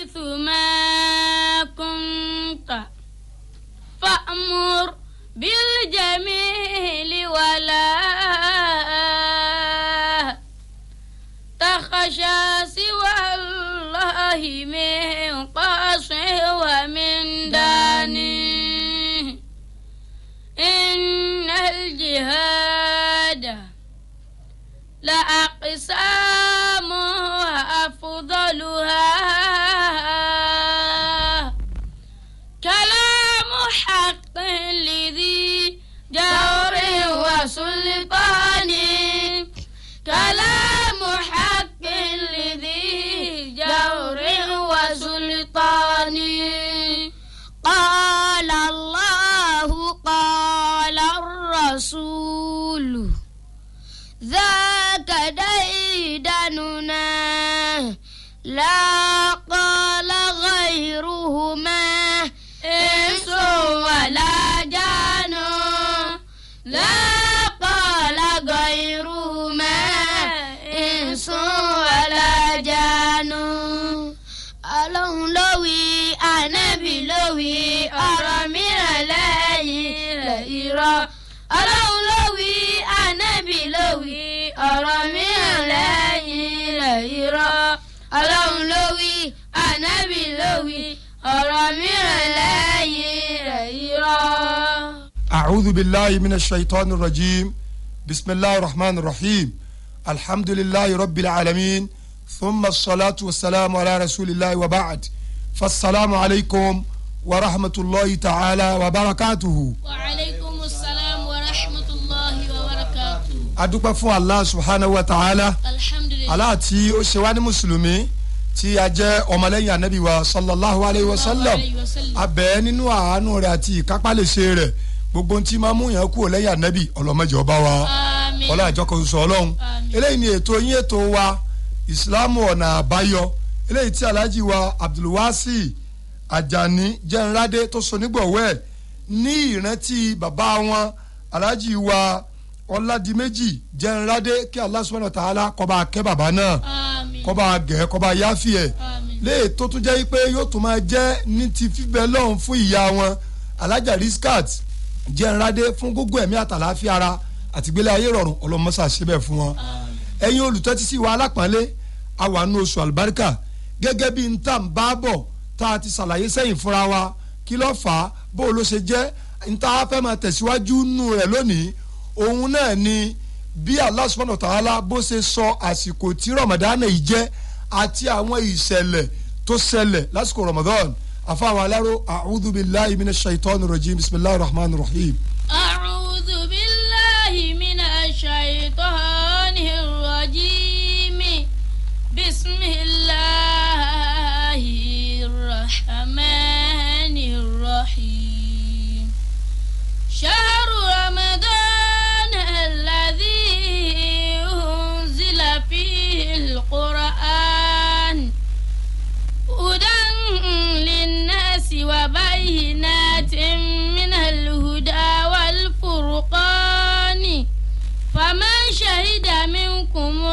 حيث ما كنت فأمر بالجميل ولا تخشى سوى الله من قاص ومن داني إن الجهاد لأقسام الرسول ذاك ديدننا لا ọ̀rọ̀ mìíràn lẹ́yìn rẹ̀ irọ́. a'udhu billahi minash shaitani rajim bisimilahi rahman rahim alhamdulilayi rabbil alamin thumma salatu wa salamu ala rasulillahi wa ba'd fassalamu alaykum wa rahmatulahi ta'ala wa barakatuhu. wa alaykum salaam wa rahmatulahi wa barakatuhu. adúpẹ́ fún allah subhanahu wa ta'ala. alhamdulilayi. aláàtí ó ṣe wá ní mùsùlùmí tí a jẹ́ ọmọlẹ́yìn anabi wa sallallahu alayhi wa sallam abẹ́ nínú àánú rẹ̀ àti ìkápálẹ̀ṣe rẹ̀ gbogbo ntí máa mú yàn kúrò lẹ́yìn anabi ọlọ́mọdé ọba wa ọlá àjọkọ̀ sọ ọlọ́run eléyìí ni ètò yín ètò wa ìsìlámù ọ̀nà àbáyọ eléyìí tí alhaji wa abdulwasi ajani jẹ́nradé tó so nígbọ̀wẹ́ ní ìrántí bàbá wọn alhaji wa ọládìméjì jẹnradé kí Allah subhanahu wa ta'ala kó bá kẹ́ bàbá náà kó bá gẹ̀ kó bá yáfì ẹ̀ léè tó tún jẹ́ pé yóò tún máa jẹ́ ní ti fífẹ́ lọ́hùn fún ìyá wọn alájà riskat jẹnradé fún gógó ẹ̀mí àtàláfíà ara àtìgbélé ayé rọrùn ọlọmọsà síbẹ̀ fún wọn ẹ̀yin olùtẹ́tí sí wa alápọ̀nlé àwànú oṣù àlùbáríkà gẹ́gẹ́ bí n tà ń bá bọ̀ tá a ti ṣàlàyé sẹ́yìn fúnra wa kí ló fà á bó o ló ṣe jẹ́ n ta fẹ́ máa tẹ̀síwájú nù rẹ̀ lónìí òun náà ni bí Allah subhanahu bó ṣe sọ àsìkò tí Ramadan yìí jẹ́ àti àwọn ìṣẹ̀lẹ̀ tó ṣẹlẹ̀ lásìkò Ramadan àfàwọn aláró a'udhu billahi minash shaitani rajim bismillahir rahmanir rahim. àrùn.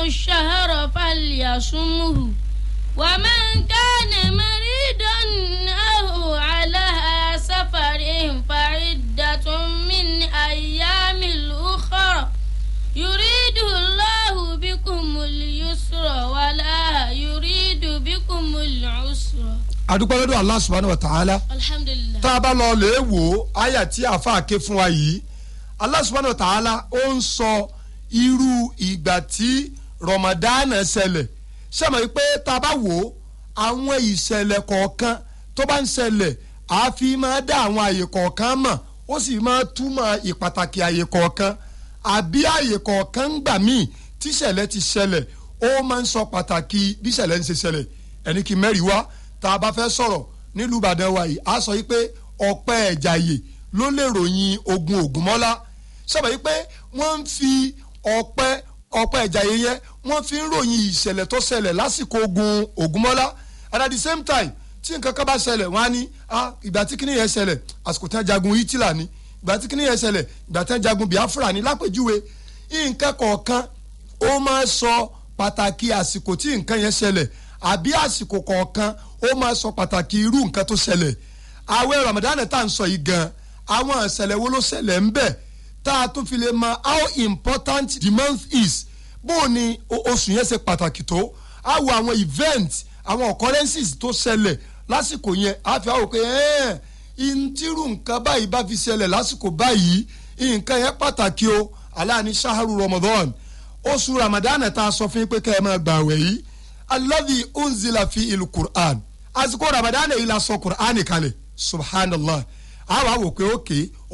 الشهر فليصمه ومن كان مريدا أو على سفر فعدة من أيام الأخرى يريد الله بكم اليسر ولا يريد بكم العسر. adúpẹ́ lọ́dọ̀ Allah subhanahu wa ta'ala. alhamdulillah. tá a bá lọ lè wo àyà tí àáfàá ké fún wa yìí Allah subhanahu ó ń sọ irú ìgbà tí rọmọdánà ṣẹlẹ̀ ṣẹ́mọ̀ wípé tá a bá wò ó àwọn ìṣẹ̀lẹ̀ kọ̀ọ̀kan tó bá ń ṣẹlẹ̀ àfi máa dá àwọn àyè kọ̀ọ̀kan mọ̀ ó sì máa túmọ̀ ìpàtàkì àyè kọ̀ọ̀kan àbí àyè kọ̀ọ̀kan gbà míì tíṣẹ̀lẹ̀ ti ṣẹlẹ̀ ó máa ń sọ pàtàkì bíṣẹ̀lẹ̀ ń ṣe ṣẹlẹ̀ ẹni kí mẹ́rin wá tá a bá fẹ́ sọ̀rọ̀ nílùú Ìbàdàn wa yìí á sọ yìí pé ọ̀pẹ́ ẹ̀jàyè ló lè ròyìn ogun Ògúnmọ́lá sábà yìí pé wọ́n ń fi ọ̀pẹ́ ọ̀pá ẹ̀já yẹn yẹn wọ́n fi ń ròyìn ìṣẹ̀lẹ̀ tó ṣẹlẹ̀ lásìkò ogun Ògúnmọ́lá at the same time tí nǹkan kan bá ṣẹlẹ̀ wọ́n á ní ah, ìgbà tí kíní yẹn àsìkò tán jagun Hitler ni ìgbà tí kíní yẹn ìgbà tán jagun Biafra ni lápèjúwe nǹkan kọ̀ọ̀kan ó máa sọ pàtàkì àsìkò tí nǹkan yẹn ṣẹlẹ̀ àbí àsìkò kọ̀ọ̀kan ó máa sọ pàtàkì irú nǹkan tó ṣẹlẹ̀ àwẹ̀ Ramadan tá à sọ yìí gan àwọn ìṣẹ̀lẹ̀ wo ló ṣẹlẹ̀ ń bẹ̀ tá a tún fi lè mọ how important the month is ni o ní oṣù yẹn ṣe pàtàkì tó a wo àwọn event àwọn occurrences tó ṣẹlẹ̀ lásìkò yẹn a fi àwọn pé ntírù nǹkan báyìí bá fi ṣẹlẹ̀ lásìkò báyìí nǹkan yẹn pàtàkì o aláàní saharu Ramadan oṣù Ramadan ta sọ fún yín pé kẹ́ ẹ máa fi ìlú Qur'an àsìkò Ramadan yìí Qur'an kalẹ̀ subhanallah wò pé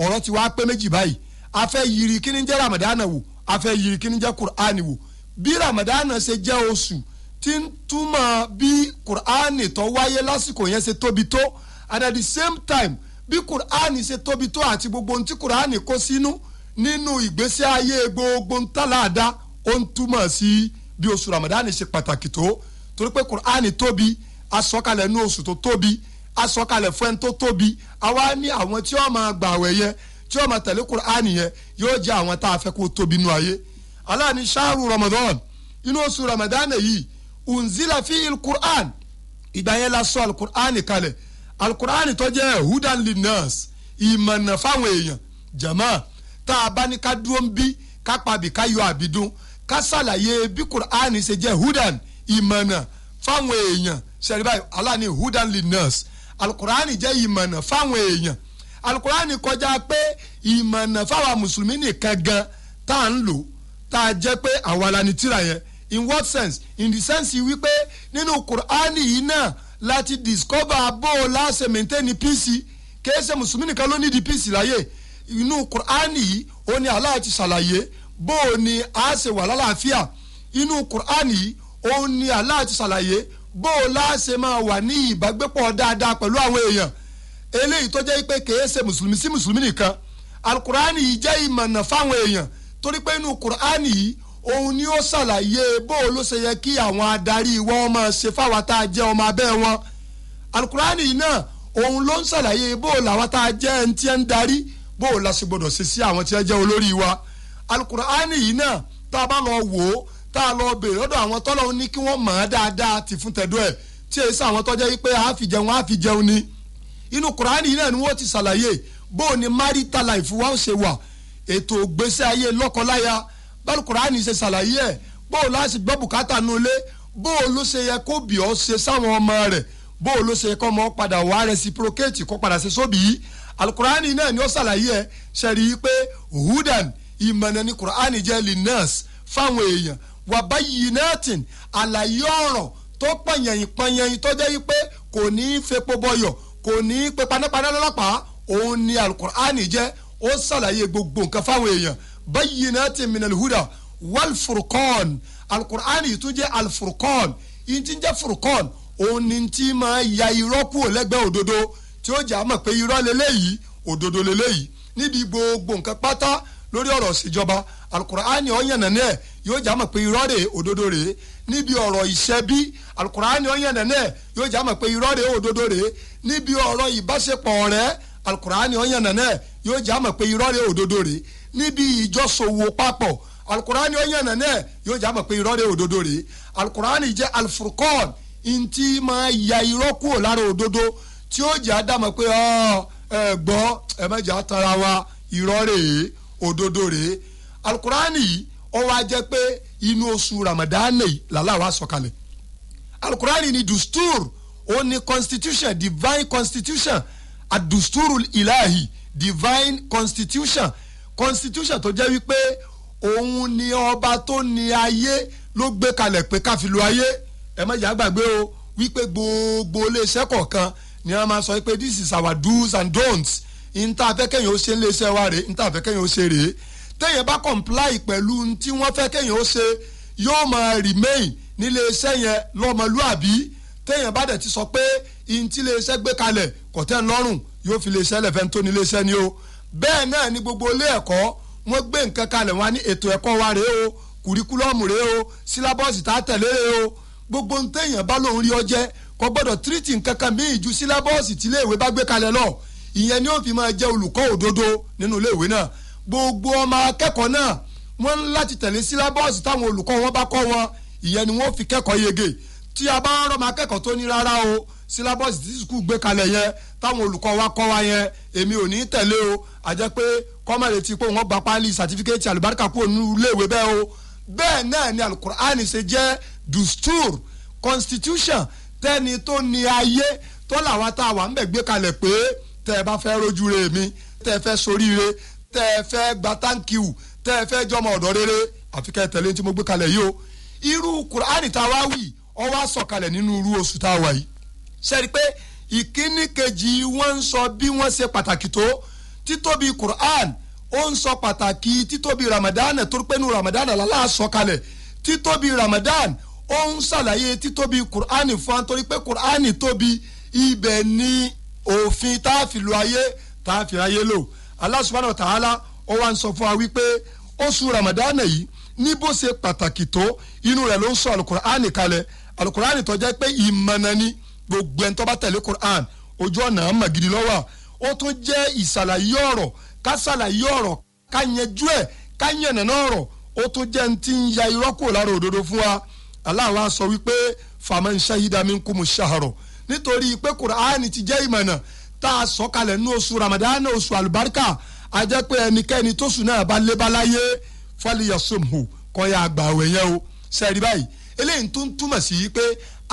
ọ̀rọ̀ ti wá pé méjì báyìí a fẹ́ yiri kí ni jẹ́ Ramadan wò afẹ́ yìí kí ni jẹ́ Qur'an wò bí Ramadan ṣe jẹ́ oṣù tí ń túmọ̀ bí Qur'an tó wáyé lásìkò yẹn ṣe tóbi tó and at the same time bi kurani ṣe tóbi tó àti gbogbo ohun tí Qur'an kó sínú nínú ìgbésí ayé gbogbo ń tàlàdá ó ń túmọ̀ sí bí oṣù Ramadan ṣe pàtàkì tó torí pé Qur'an tóbi asọ̀kalẹ̀ ní oṣù tó tóbi asọ̀kalẹ̀ fún ẹni tó tóbi àwa ní àwọn tí wọ́n máa gbààwẹ̀ tí ó máa tẹ̀lé Kùránì yẹn yóò jẹ́ àwọn tá a fẹ́ kó tóbi nínú ayé aláàní ṣáàrù Ramadan inú oṣù Ramadan yìí unzila fi il-Qur'an ìgbà yẹn la sọ al-Qur'an kalẹ̀ al-Qur'an tó jẹ́ hudan linnas ìmọ̀nà fáwọn èèyàn jama tá a bá ní ká dúró ń bí ká pabì ká yọ àbídún ká ṣàlàyé bí Qur'an ṣe jẹ́ hudan ìmọ̀nà fáwọn èèyàn ṣẹ̀rí báyìí hudan linnas al-Qur'an jẹ́ ìmọ̀nà fáwọn èèyàn alukurani kọjá pé ìmọ̀nà fáwa mùsùlùmí nìkan gan tá à ń lò tá a jẹ́ pé àwa la ní tírà yẹn in what sense in the sense wípé nínú kurani yìí náà láti discover bó o láṣẹ maintain peace kìí ṣe mùsùlùmí nìkan ló ní di peace láyè inú kurani yìí ó ní Allah ti ṣàlàyé bó o ní a ṣe wà lálàáfíà inú kurani yìí ó ní Allah ti ṣàlàyé bó o láṣẹ máa wà ní ìbágbépọ̀ dáadáa pẹ̀lú àwọn èèyàn eléyìí tó jẹ́ pé kèé ṣe mùsùlùmí sí mùsùlùmí nìkan alukur'ani yìí jẹ́ ìmọ̀nà fáwọn èèyàn torí pé inú kur'ani yìí òun ni ó ṣàlàyé bó ló ṣe yẹ kí àwọn adarí wọn máa ṣe fáwa tá a jẹ́ ọmọ abẹ́ wọn alukur'ani yìí náà òun ló ń ṣàlàyé bó làwa tá a jẹ́ ẹni tí ẹ ń darí bó la ṣe gbọdọ̀ ṣe sí àwọn tí ẹ jẹ́ olórí wa alukur'ani yìí náà tá a bá lọ wò ó tá a lọ bèrè lọ́dọ̀ àwọn tọ́lọ́ ní kí wọ́n mọ̀ ọ́ dáadáa tì fún tẹ̀dọ́ ẹ̀ tí èyí sàwọn tọ́jẹ́ yìí pé àáfìjẹun àáfìjẹun ni inú kùránì yìí náà ni wọ́n ti ṣàlàyé bó o ní marital life wa ó ṣe wà ètò ògbésẹ́ ayé lọ́kọláya bẹ́ẹ̀ kùránì ṣe ṣàlàyé ẹ̀ bó o láti gbọ́ bùkátà nu ilé bó o ló ṣe yẹ kó bì ọ́ ṣe sáwọn ọmọ rẹ̀ bó o ló ṣe yẹ kó ọmọ padà wá reciprocate kó padà ṣe sóbì yìí alukurani náà ni ó ṣàlàyé ẹ̀ ṣe rí i pé hudan ìmọ̀nà ni kùránì jẹ́ linus fáwọn èèyàn wàbáyìnàtìn àlàyé ọ̀rọ̀ tó pọ̀nyẹ̀yìn pọ̀nyẹ̀yìn tó jẹ́ wípé kò ní í fepo bọyọ̀ kò ní í pe panápaná lọ́lọ́pàá òun ni alukur'ani jẹ́ ó ṣàlàyé gbogbo nǹkan fáwọn èèyàn bayyinatin minal huda wal furqan alukur'ani tún jẹ́ alfurqan yìí ti ń jẹ́ furqan òun ni ti máa ya irọ́ kúrò lẹ́gbẹ̀ẹ́ òdodo tí ó jà mọ̀ pé irọ́ leléyìí òdodo leléyìí níbi gbogbo nǹkan pátá lórí ọ̀rọ̀ ìṣèjọba alukur'ani ọ̀yànnà náà yóò já mọ̀ pé irọ́ rèé òdodo rèé níbi ọ̀rọ̀ ìṣẹ́bí alukur'ani ọ̀yànnà náà yóò já mọ̀ pé irọ́ rèé òdodo rèé níbi ọ̀rọ̀ ìbáṣepọ̀ ọ̀rẹ́ alukur'ani ọ̀yànnà náà yóò já mọ̀ pé irọ́ rèé òdodo rèé níbi ìjọsòwò papọ̀ alukur'ani ọ̀yànnà náà yóò já mọ̀ pé irọ́ rèé òdodo rèé alukur'ani jẹ́ alfurqan ntí máa ya irọ́ kúrò lára òdodo tí ó jẹ́ àdámọ̀ pé ẹ gbọ́ ẹ mẹ́jọ òdodo rèé alukurani yìí ó wá jẹ́ pé inú oṣù ramadana yìí làlá wa sọ̀kalẹ̀ alukurani ni dustur ó ní constitution divine constitution adusturul ilahi divine constitution constitution tó jẹ́ wípé òun ni ọba tó ní ayé ló gbé kalẹ̀ pé ká lu ayé ẹ má jà o wípé gbogbo iléeṣẹ́ kọ̀ọ̀kan ni wọ́n máa sọ pé this is our do's and don'ts níta afẹ́kẹ́yìn ó ṣe ń lé iṣẹ́ wa rèé níta afẹ́kẹ́yìn ó ṣe rèé téèyàn bá comply pẹ̀lú tí wọ́n fẹ́ kéèyàn ó ṣe yóò máa remain nílé iṣẹ́ yẹn lọ́mọlúàbí téèyàn bá dẹ̀ ti sọ pé ihun tí ilé iṣẹ́ gbé kalẹ̀ kò tẹ́ ń lọ́rùn yóò fi ilé iṣẹ́ lẹ̀ tó ní ilé iṣẹ́ ni o bẹ́ẹ̀ náà ni gbogbo ilé ẹ̀kọ́ wọ́n gbé nǹkan kalẹ̀ wá ní ètò ẹ̀kọ́ wa rèé o kùríkúlọ́ọ̀mù rèé o sílábọ̀sì tá a tẹ̀lé rèé o gbogbo ohun bá lòun rí ọ jẹ́ kò gbọ́dọ̀ tírìtì míì ju sílábọ̀sì tíléèwé bá gbé kalẹ̀ lọ ìyẹn ni ó fi máa jẹ́ olùkọ́ òdodo nínú iléèwé náà gbogbo ọmọ akẹ́kọ̀ọ́ náà wọ́n ń láti tẹ̀lé sílábọ́ọ̀sì táwọn olùkọ́ wọn bá kọ́ wọn ìyẹn ni wọ́n fi kẹ́kọ̀ọ́ yege tí a bá ń rọ́mọ akẹ́kọ̀ọ́ tó ní rárá o sílábọ́ọ̀sì tí sùkúù gbé kalẹ̀ yẹn táwọn olùkọ́ wa kọ́ wa yẹn èmi ò ní tẹ̀lé o àjẹ́ pé kọ́mọ̀lẹ́ ti pé wọ́n gba páálí sàtífíkẹ́tì àlùbáríkà kúrò nínú iléèwé bẹ́ẹ̀ o bẹ́ẹ̀ náà ni alukur'ani ṣe jẹ́ dustur constitution tẹ́ni tó ní ayé tó làwọn tá a wà ń bẹ̀ gbé kalẹ̀ pé tẹ́ ẹ bá fẹ́ rojú re mi tẹ́ ẹ fẹ́ soríire tẹ́ ẹ fẹ́ gba táǹkì wù tẹ́ ẹ fẹ́ jọmọ ọ̀dọ́ rere àfi kẹ́ ẹ tẹ̀lé tí mo gbé kalẹ̀ yìí o irú kùránì tá a wá wì ọ wá sọ̀kalẹ̀ nínú irú oṣù tá a wà yìí sẹ́ni pé ìkíní kejì wọ́n ń sọ bí wọ́n ṣe pàtàkì tó títóbi quran ó ń sọ pàtàkì títóbi ramadan torí pé nu ramadan làlá sọ̀kalẹ̀ títóbi ramadan ó ń ṣàlàyé títóbi quran fún wa torí pé tóbi ibẹ̀ ni òfin tá a fi lu ayé tá a ayé lò Allah subhanahu ó wá ń sọ fún wa wípé oṣù Ramadan yìí ní bó ṣe pàtàkì tó inú rẹ̀ ló ń sọ alukur'ani kalẹ̀ alukur'ani tó jẹ́ pé ìmọ̀nà ni gbogbo ẹni tó bá tẹ̀lé kur'an ojú ọ̀nà àmọ̀ gidi lọ́wọ́ ó tún jẹ́ ìṣàlàyé ọ̀rọ̀ ká ṣàlàyé ọ̀rọ̀ ká yanjú ẹ̀ ká yànnàná ọ̀rọ̀ ó tún jẹ́ ní ti ń ya irọ́ kúrò lára òdodo fún wa Allah wá sọ wípé faman shahida minkumu shaharo nítorí pé kuraani ti jẹ́ ìmọ̀nà tá a sọ kalẹ̀ ní oṣù ramadan oṣù àlùbáríkà a jẹ́ pé ẹnikẹ́ni tó sùn náà bá lé báláyé fọlíyàsómù kọ́ya àgbà òwe yẹn o sẹ́ẹ̀rí báyìí eléyìí tó ń túmọ̀ sí pé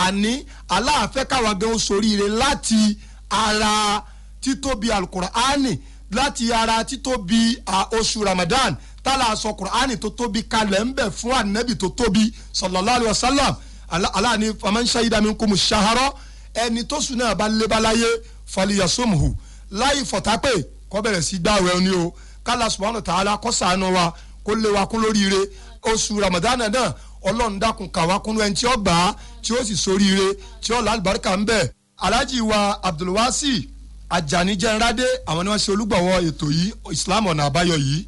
àní aláàfẹ́ káwa gan soríire láti ara títóbi alukur'ani láti ara títóbi oṣù ramadan tálà sọ kur'ani tó tóbi kalẹ̀ ń bẹ̀ fún ànábì tó tóbi sallallahu alayhi wa sallam aláàní faman shahida shahara ẹni tó sùn náà bá lé báláyé fàlìyàsómùhù láì fọ̀tápè kó bẹ̀rẹ̀ sí gbààwẹ̀ ni o kálá subhanahu ta'ala kó ṣàánú wa kó lé wa kún lóríire oṣù ramadana náà ọlọ́run dákun kàwá kúnú ẹni tí ó gbà á tí ó sì soríire tí ó lálùbáríkà ń bẹ̀ alhaji wa abdulwasi ajanijẹnradé àwọn ni wọ́n ṣe olùgbọ̀wọ́ ètò yìí islam ọ̀nà àbáyọ yìí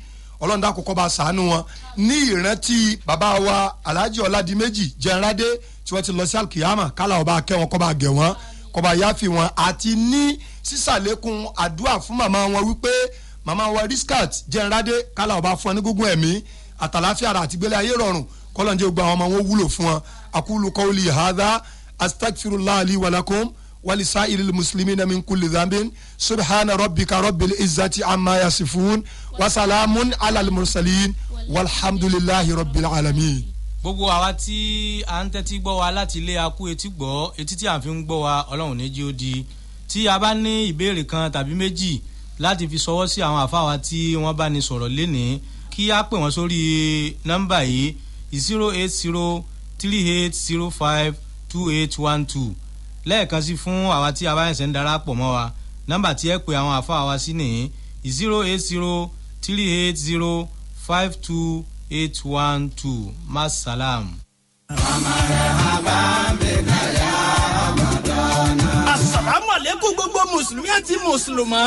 ọlọ́run dákun kó bá ṣàánú wọn ní ìrántí bàbá wa alhaji ọládìméjì jẹnradé tí wọ́n ti lọ sí alkiyama kálá ọba akẹ́ wọn kó bá gẹ̀ wọ́n kó bá yáfi wọn àti ní sísàlékún àdúrà fún màmá wọn wípé màmá wa riskat jẹnradé kálá ọba fún wọn ní gúngún ẹ̀mí àtàláfíà ara àtìgbélé ayé rọrùn kọ́lọ́njẹ́ gbogbo àwọn ọmọ wọn wúlò fún wọn akulu qawli hadha astagfirullah li walakum ولسائر المسلمين من كل ذنب سبحان ربك رب العزة عما يصفون وسلام على المرسلين والحمد لله رب العالمين gbogbo àwa tí a ń tẹ́tí gbọ́ wa láti ilé akú etí gbọ́ etí tí a fi ń gbọ́ wa ọlọ́run ní ó di tí a bá ní ìbéèrè kan tàbí méjì láti fi ṣọwọ́ sí àwọn àfáwa tí wọ́n bá ní sọ̀rọ̀ lénìí kí a pè wọ́n sórí nọ́mbà yìí zero eight zero three eight zero five two eight one two lẹ́ẹ̀kan sí fún àwa tí a bá ẹ̀sẹ̀ ń darapọ̀ mọ́ wa nọ́mbà tí ẹ pè àwọn àfa wa sí nìyí zero eight zero three eight zero five two eight one two masalam. àmàlẹ́ gbogbo mùsùlùmí àti mùsùlùmá.